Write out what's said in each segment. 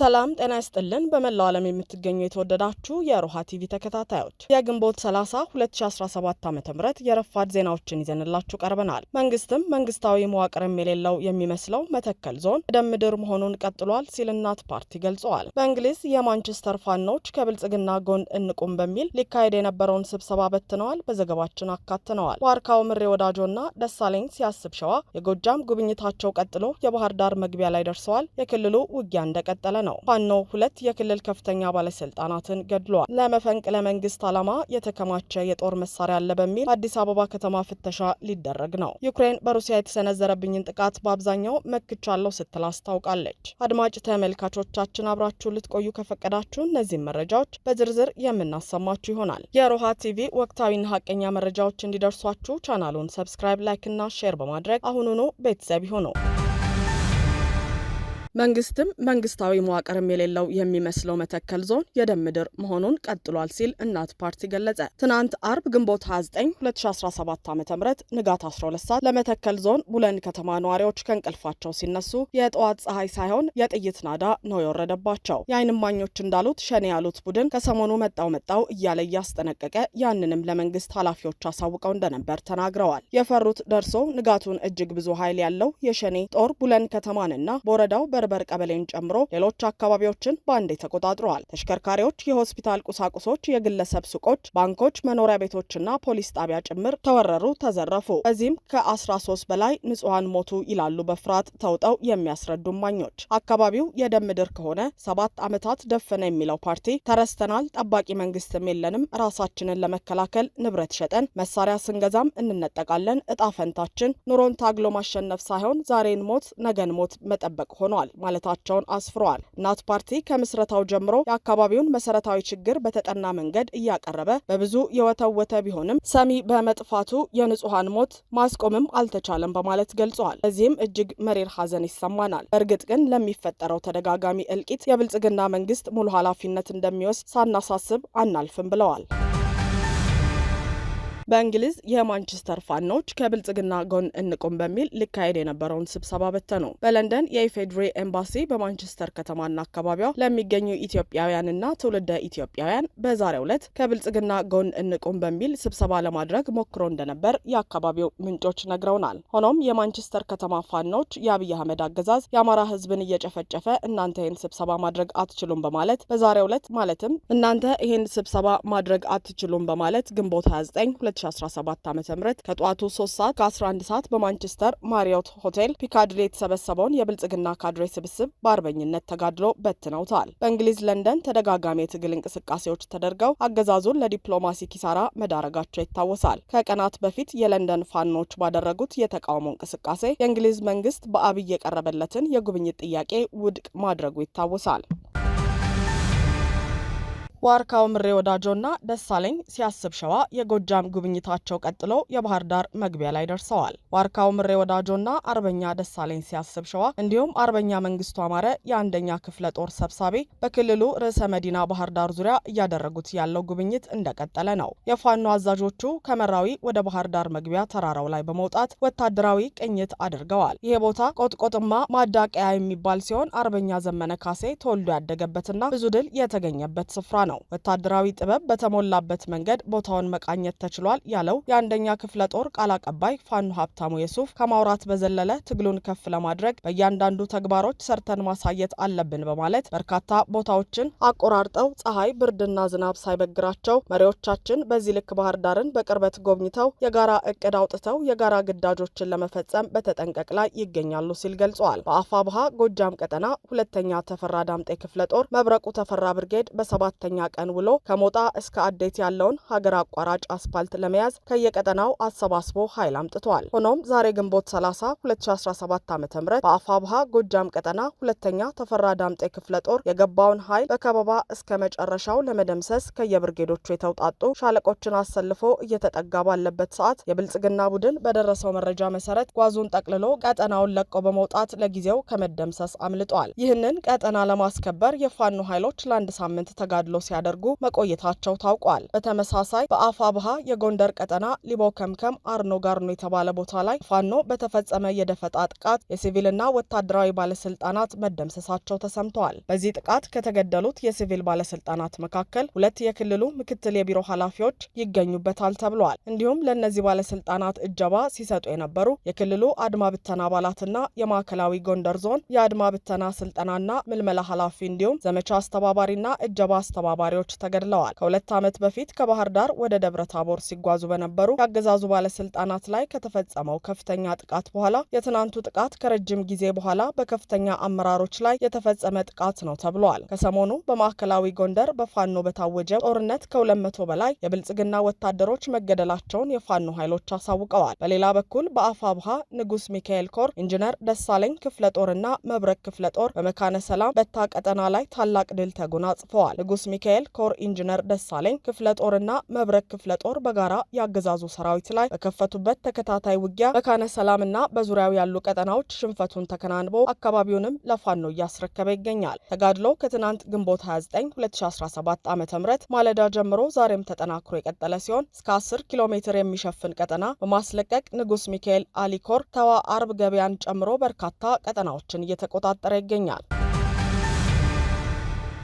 ሰላም ጤና ይስጥልን። በመላው ዓለም የምትገኙ የተወደዳችሁ የሮሃ ቲቪ ተከታታዮች የግንቦት 30 2017 ዓ ም የረፋድ ዜናዎችን ይዘንላችሁ ቀርበናል። መንግስትም መንግስታዊ መዋቅርም የሌለው የሚመስለው መተከል ዞን ምድር መሆኑን ቀጥሏል ሲል እናት ፓርቲ ገልጸዋል። በእንግሊዝ የማንቸስተር ፋኖች ከብልጽግና ጎን እንቁም በሚል ሊካሄድ የነበረውን ስብሰባ በትነዋል። በዘገባችን አካትነዋል። ዋርካው ምሬ ወዳጆና ደሳለኝ ሲያስብ ሸዋ የጎጃም ጉብኝታቸው ቀጥሎ የባህር ዳር መግቢያ ላይ ደርሰዋል። የክልሉ ውጊያ እንደቀጠለ ነው። ነው። ፋኖ ሁለት የክልል ከፍተኛ ባለስልጣናትን ገድሏል። ለመፈንቅለ መንግስት ዓላማ የተከማቸ የጦር መሳሪያ አለ በሚል አዲስ አበባ ከተማ ፍተሻ ሊደረግ ነው። ዩክሬን በሩሲያ የተሰነዘረብኝን ጥቃት በአብዛኛው መክቻለሁ ስትል አስታውቃለች። አድማጭ ተመልካቾቻችን አብራችሁ ልትቆዩ ከፈቀዳችሁ እነዚህን መረጃዎች በዝርዝር የምናሰማችሁ ይሆናል። የሮሃ ቲቪ ወቅታዊና ሀቀኛ መረጃዎች እንዲደርሷችሁ ቻናሉን ሰብስክራይብ፣ ላይክ እና ሼር በማድረግ አሁኑኑ ቤተሰብ ይሁኑ። መንግስትም መንግስታዊ መዋቅርም የሌለው የሚመስለው መተከል ዞን የደም ምድር መሆኑን ቀጥሏል ሲል እናት ፓርቲ ገለጸ። ትናንት አርብ ግንቦት 29 2017 ዓ ም ንጋት 12 ሰዓት ለመተከል ዞን ቡለን ከተማ ነዋሪዎች ከእንቅልፋቸው ሲነሱ የጠዋት ፀሐይ ሳይሆን የጥይት ናዳ ነው የወረደባቸው። የዓይን እማኞች እንዳሉት ሸኔ ያሉት ቡድን ከሰሞኑ መጣው መጣው እያለ እያስጠነቀቀ ያንንም ለመንግስት ኃላፊዎች አሳውቀው እንደነበር ተናግረዋል። የፈሩት ደርሶ ንጋቱን እጅግ ብዙ ኃይል ያለው የሸኔ ጦር ቡለን ከተማንና በወረዳው በር እርበር ቀበሌን ጨምሮ ሌሎች አካባቢዎችን በአንዴ ተቆጣጥረዋል። ተሽከርካሪዎች፣ የሆስፒታል ቁሳቁሶች፣ የግለሰብ ሱቆች፣ ባንኮች፣ መኖሪያ ቤቶችና ፖሊስ ጣቢያ ጭምር ተወረሩ፣ ተዘረፉ። በዚህም ከ13 በላይ ንጹሐን ሞቱ ይላሉ በፍርሃት ተውጠው የሚያስረዱ እማኞች። አካባቢው የደም ምድር ከሆነ ሰባት ዓመታት ደፈነ የሚለው ፓርቲ ተረስተናል፣ ጠባቂ መንግስትም የለንም፣ ራሳችንን ለመከላከል ንብረት ሸጠን መሳሪያ ስንገዛም እንነጠቃለን፣ እጣ ፈንታችን ኑሮን ታግሎ ማሸነፍ ሳይሆን ዛሬን ሞት ነገን ሞት መጠበቅ ሆኗል ማለታቸውን አስፍረዋል። እናት ፓርቲ ከምስረታው ጀምሮ የአካባቢውን መሰረታዊ ችግር በተጠና መንገድ እያቀረበ በብዙ የወተወተ ቢሆንም ሰሚ በመጥፋቱ የንጹሐን ሞት ማስቆምም አልተቻለም በማለት ገልጸዋል። በዚህም እጅግ መሪር ሀዘን ይሰማናል። በእርግጥ ግን ለሚፈጠረው ተደጋጋሚ እልቂት የብልጽግና መንግስት ሙሉ ኃላፊነት እንደሚወስድ ሳናሳስብ አናልፍም ብለዋል። በእንግሊዝ የማንቸስተር ፋኖች ከብልጽግና ጎን እንቁም በሚል ሊካሄድ የነበረውን ስብሰባ በተ ነው። በለንደን የኢፌድሬ ኤምባሲ በማንቸስተር ከተማና አካባቢዋ ለሚገኙ ኢትዮጵያውያንና ትውልደ ኢትዮጵያውያን በዛሬው ዕለት ከብልጽግና ጎን እንቁም በሚል ስብሰባ ለማድረግ ሞክሮ እንደነበር የአካባቢው ምንጮች ነግረውናል። ሆኖም የማንቸስተር ከተማ ፋኖች የአብይ አህመድ አገዛዝ የአማራ ህዝብን እየጨፈጨፈ እናንተ ይህን ስብሰባ ማድረግ አትችሉም በማለት በዛሬው ዕለት ማለትም እናንተ ይህን ስብሰባ ማድረግ አትችሉም በማለት ግንቦት 29 2017 ዓ ም ከጠዋቱ 3 ሰዓት ከ11 ሰዓት በማንቸስተር ማሪዮት ሆቴል ፒካድሊ የተሰበሰበውን የብልጽግና ካድሬ ስብስብ በአርበኝነት ተጋድሎ በትነውታል። በእንግሊዝ ለንደን ተደጋጋሚ የትግል እንቅስቃሴዎች ተደርገው አገዛዙን ለዲፕሎማሲ ኪሳራ መዳረጋቸው ይታወሳል። ከቀናት በፊት የለንደን ፋኖች ባደረጉት የተቃውሞ እንቅስቃሴ የእንግሊዝ መንግስት በአብይ የቀረበለትን የጉብኝት ጥያቄ ውድቅ ማድረጉ ይታወሳል። ዋርካው ምሬ ወዳጆና ደሳለኝ ሲያስብ ሸዋ የጎጃም ጉብኝታቸው ቀጥሎ የባህር ዳር መግቢያ ላይ ደርሰዋል። ዋርካው ምሬ ወዳጆና አርበኛ ደሳለኝ ሲያስብ ሸዋ እንዲሁም አርበኛ መንግስቱ አማረ የአንደኛ ክፍለ ጦር ሰብሳቢ በክልሉ ርዕሰ መዲና ባህር ዳር ዙሪያ እያደረጉት ያለው ጉብኝት እንደቀጠለ ነው። የፋኖ አዛዦቹ ከመራዊ ወደ ባህር ዳር መግቢያ ተራራው ላይ በመውጣት ወታደራዊ ቅኝት አድርገዋል። ይሄ ቦታ ቆጥቆጥማ ማዳቀያ የሚባል ሲሆን አርበኛ ዘመነ ካሴ ተወልዶ ያደገበትና ብዙ ድል የተገኘበት ስፍራ ነው። ነው። ወታደራዊ ጥበብ በተሞላበት መንገድ ቦታውን መቃኘት ተችሏል ያለው የአንደኛ ክፍለ ጦር ቃል አቀባይ ፋኖ ሀብታሙ የሱፍ ከማውራት በዘለለ ትግሉን ከፍ ለማድረግ በእያንዳንዱ ተግባሮች ሰርተን ማሳየት አለብን በማለት በርካታ ቦታዎችን አቆራርጠው ፀሐይ፣ ብርድና ዝናብ ሳይበግራቸው መሪዎቻችን በዚህ ልክ ባህር ዳርን በቅርበት ጎብኝተው የጋራ እቅድ አውጥተው የጋራ ግዳጆችን ለመፈጸም በተጠንቀቅ ላይ ይገኛሉ ሲል ገልጸዋል። በአፋ ባሃ ጎጃም ቀጠና ሁለተኛ ተፈራ ዳምጤ ክፍለ ጦር መብረቁ ተፈራ ብርጌድ በሰባተኛ ቀን ውሎ ከሞጣ እስከ አዴት ያለውን ሀገር አቋራጭ አስፋልት ለመያዝ ከየቀጠናው አሰባስቦ ኃይል አምጥቷል። ሆኖም ዛሬ ግንቦት 30 2017 ዓ ም በአፋብሃ ጎጃም ቀጠና ሁለተኛ ተፈራ ዳምጤ ክፍለ ጦር የገባውን ኃይል በከበባ እስከ መጨረሻው ለመደምሰስ ከየብርጌዶቹ የተውጣጡ ሻለቆችን አሰልፎ እየተጠጋ ባለበት ሰዓት የብልጽግና ቡድን በደረሰው መረጃ መሰረት ጓዙን ጠቅልሎ ቀጠናውን ለቆ በመውጣት ለጊዜው ከመደምሰስ አምልጧል። ይህንን ቀጠና ለማስከበር የፋኖ ኃይሎች ለአንድ ሳምንት ተጋድሎ ሲያደርጉ መቆየታቸው ታውቋል። በተመሳሳይ በአፋ የጎንደር ቀጠና ሊቦ ከምከም አርኖ ጋርኖ የተባለ ቦታ ላይ ፋኖ በተፈጸመ የደፈጣ ጥቃት የሲቪልና ወታደራዊ ባለስልጣናት መደምሰሳቸው ተሰምተዋል። በዚህ ጥቃት ከተገደሉት የሲቪል ባለስልጣናት መካከል ሁለት የክልሉ ምክትል የቢሮ ኃላፊዎች ይገኙበታል ተብሏል። እንዲሁም ለእነዚህ ባለስልጣናት እጀባ ሲሰጡ የነበሩ የክልሉ አድማ ብተና አባላትና የማዕከላዊ ጎንደር ዞን የአድማ ብተና ስልጠናና ምልመላ ኃላፊ እንዲሁም ዘመቻ አስተባባሪና እጀባ አስተባባሪ አስተባባሪዎች ተገድለዋል። ከሁለት ዓመት በፊት ከባህር ዳር ወደ ደብረ ታቦር ሲጓዙ በነበሩ የአገዛዙ ባለስልጣናት ላይ ከተፈጸመው ከፍተኛ ጥቃት በኋላ የትናንቱ ጥቃት ከረጅም ጊዜ በኋላ በከፍተኛ አመራሮች ላይ የተፈጸመ ጥቃት ነው ተብሏል። ከሰሞኑ በማዕከላዊ ጎንደር በፋኖ በታወጀ ጦርነት ከሁለት መቶ በላይ የብልጽግና ወታደሮች መገደላቸውን የፋኖ ኃይሎች አሳውቀዋል። በሌላ በኩል በአፋብሃ ንጉስ ሚካኤል ኮር ኢንጂነር ደሳለኝ ክፍለ ጦርና መብረክ ክፍለ ጦር በመካነ ሰላም በታ ቀጠና ላይ ታላቅ ድል ተጎናጽፈዋል። ንጉስ ሚካኤል ሚካኤል ኮር ኢንጂነር ደሳለኝ ክፍለ ጦርና መብረክ ክፍለ ጦር በጋራ የአገዛዙ ሰራዊት ላይ በከፈቱበት ተከታታይ ውጊያ በካነ ሰላምና በዙሪያው ያሉ ቀጠናዎች ሽንፈቱን ተከናንቦ አካባቢውንም ለፋኖ እያስረከበ ይገኛል። ተጋድሎ ከትናንት ግንቦት 29 2017 ዓ ም ማለዳ ጀምሮ ዛሬም ተጠናክሮ የቀጠለ ሲሆን እስከ 10 ኪሎ ሜትር የሚሸፍን ቀጠና በማስለቀቅ ንጉስ ሚካኤል አሊኮር ተዋ አርብ ገበያን ጨምሮ በርካታ ቀጠናዎችን እየተቆጣጠረ ይገኛል።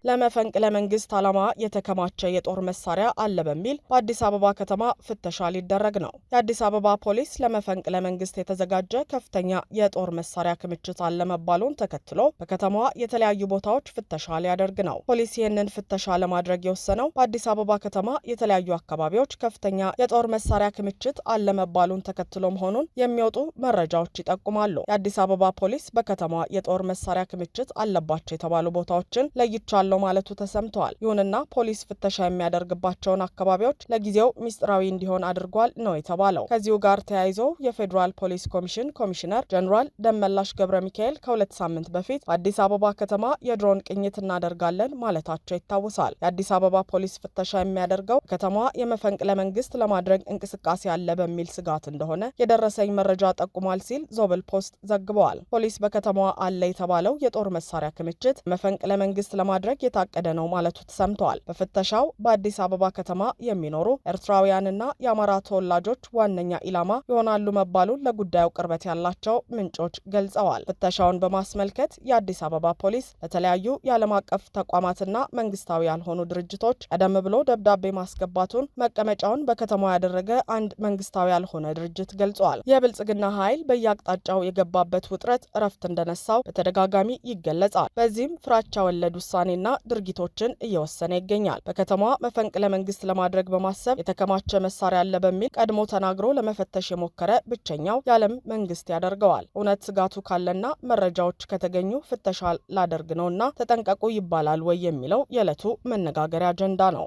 ለመፈንቅለ መንግስት ዓላማ የተከማቸ የጦር መሳሪያ አለ በሚል በአዲስ አበባ ከተማ ፍተሻ ሊደረግ ነው። የአዲስ አበባ ፖሊስ ለመፈንቅለ መንግስት የተዘጋጀ ከፍተኛ የጦር መሳሪያ ክምችት አለ መባሉን ተከትሎ በከተማዋ የተለያዩ ቦታዎች ፍተሻ ሊያደርግ ነው። ፖሊስ ይህንን ፍተሻ ለማድረግ የወሰነው በአዲስ አበባ ከተማ የተለያዩ አካባቢዎች ከፍተኛ የጦር መሳሪያ ክምችት አለመባሉን ተከትሎ መሆኑን የሚወጡ መረጃዎች ይጠቁማሉ። የአዲስ አበባ ፖሊስ በከተማ የጦር መሳሪያ ክምችት አለባቸው የተባሉ ቦታዎችን ለይቻለሁ አለው ማለቱ ተሰምተዋል። ይሁንና ፖሊስ ፍተሻ የሚያደርግባቸውን አካባቢዎች ለጊዜው ሚስጥራዊ እንዲሆን አድርጓል ነው የተባለው። ከዚሁ ጋር ተያይዞ የፌዴራል ፖሊስ ኮሚሽን ኮሚሽነር ጀኔራል ደመላሽ ገብረ ሚካኤል ከሁለት ሳምንት በፊት በአዲስ አበባ ከተማ የድሮን ቅኝት እናደርጋለን ማለታቸው ይታወሳል። የአዲስ አበባ ፖሊስ ፍተሻ የሚያደርገው ከተማዋ የመፈንቅለ መንግስት ለማድረግ እንቅስቃሴ አለ በሚል ስጋት እንደሆነ የደረሰኝ መረጃ ጠቁሟል ሲል ዞብል ፖስት ዘግበዋል። ፖሊስ በከተማዋ አለ የተባለው የጦር መሳሪያ ክምችት መፈንቅለ መንግስት ለማድረግ የታቀደ ነው ማለቱ ተሰምተዋል። በፍተሻው በአዲስ አበባ ከተማ የሚኖሩ ኤርትራውያንና የአማራ ተወላጆች ዋነኛ ኢላማ ይሆናሉ መባሉን ለጉዳዩ ቅርበት ያላቸው ምንጮች ገልጸዋል። ፍተሻውን በማስመልከት የአዲስ አበባ ፖሊስ ለተለያዩ የዓለም አቀፍ ተቋማትና መንግስታዊ ያልሆኑ ድርጅቶች ቀደም ብሎ ደብዳቤ ማስገባቱን መቀመጫውን በከተማው ያደረገ አንድ መንግስታዊ ያልሆነ ድርጅት ገልጿል። የብልጽግና ኃይል በየአቅጣጫው የገባበት ውጥረት እረፍት እንደነሳው በተደጋጋሚ ይገለጻል። በዚህም ፍራቻ ወለድ ውሳኔና ድርጊቶችን እየወሰነ ይገኛል። በከተማዋ መፈንቅለ መንግስት ለማድረግ በማሰብ የተከማቸ መሳሪያ አለ በሚል ቀድሞ ተናግሮ ለመፈተሽ የሞከረ ብቸኛው የዓለም መንግስት ያደርገዋል። እውነት ስጋቱ ካለና መረጃዎች ከተገኙ ፍተሻ ላደርግ ነውና ተጠንቀቁ ይባላል ወይ የሚለው የዕለቱ መነጋገሪያ አጀንዳ ነው።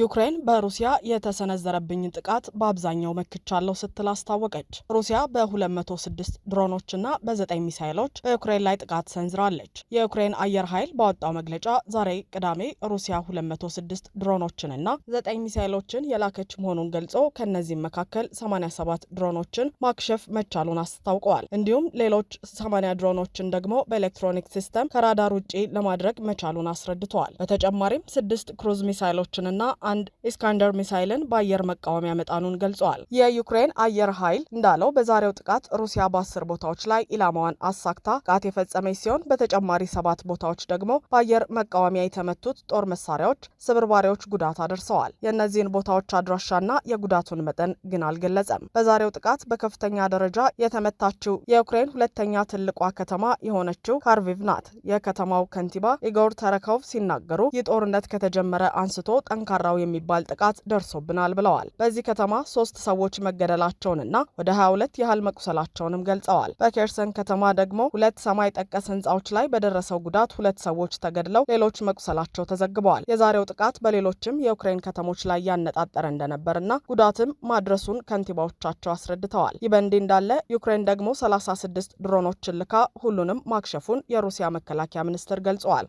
ዩክሬን በሩሲያ የተሰነዘረብኝን ጥቃት በአብዛኛው መክቻለሁ ስትል አስታወቀች። ሩሲያ በ206 ድሮኖችና በ9 ሚሳይሎች በዩክሬን ላይ ጥቃት ሰንዝራለች። የዩክሬን አየር ኃይል ባወጣው መግለጫ ዛሬ ቅዳሜ ሩሲያ 206 ድሮኖችንና 9 ሚሳይሎችን የላከች መሆኑን ገልጾ ከእነዚህም መካከል 87 ድሮኖችን ማክሸፍ መቻሉን አስታውቀዋል። እንዲሁም ሌሎች 80 ድሮኖችን ደግሞ በኤሌክትሮኒክ ሲስተም ከራዳር ውጪ ለማድረግ መቻሉን አስረድተዋል። በተጨማሪም ስድስት ክሩዝ ሚሳይሎችንና አንድ ኢስካንደር ሚሳይልን በአየር መቃወሚያ መጣኑን ገልጸዋል። የዩክሬን አየር ኃይል እንዳለው በዛሬው ጥቃት ሩሲያ በአስር ቦታዎች ላይ ኢላማዋን አሳክታ ጥቃት የፈጸመች ሲሆን በተጨማሪ ሰባት ቦታዎች ደግሞ በአየር መቃወሚያ የተመቱት ጦር መሳሪያዎች ስብርባሪዎች ጉዳት አድርሰዋል። የእነዚህን ቦታዎች አድራሻና የጉዳቱን መጠን ግን አልገለጸም። በዛሬው ጥቃት በከፍተኛ ደረጃ የተመታችው የዩክሬን ሁለተኛ ትልቋ ከተማ የሆነችው ካርቪቭ ናት። የከተማው ከንቲባ ኢጎር ተረኮቭ ሲናገሩ ይህ ጦርነት ከተጀመረ አንስቶ ጠንካራው የሚባል ጥቃት ደርሶብናል ብለዋል። በዚህ ከተማ ሶስት ሰዎች መገደላቸውንና ወደ 22 ያህል መቁሰላቸውንም ገልጸዋል። በኬርሰን ከተማ ደግሞ ሁለት ሰማይ ጠቀስ ህንፃዎች ላይ በደረሰው ጉዳት ሁለት ሰዎች ተገድለው ሌሎች መቁሰላቸው ተዘግበዋል። የዛሬው ጥቃት በሌሎችም የዩክሬን ከተሞች ላይ ያነጣጠረ እንደነበርና ጉዳትም ማድረሱን ከንቲባዎቻቸው አስረድተዋል። ይህ በእንዲህ እንዳለ ዩክሬን ደግሞ 36 ድሮኖችን ልካ ሁሉንም ማክሸፉን የሩሲያ መከላከያ ሚኒስትር ገልጸዋል።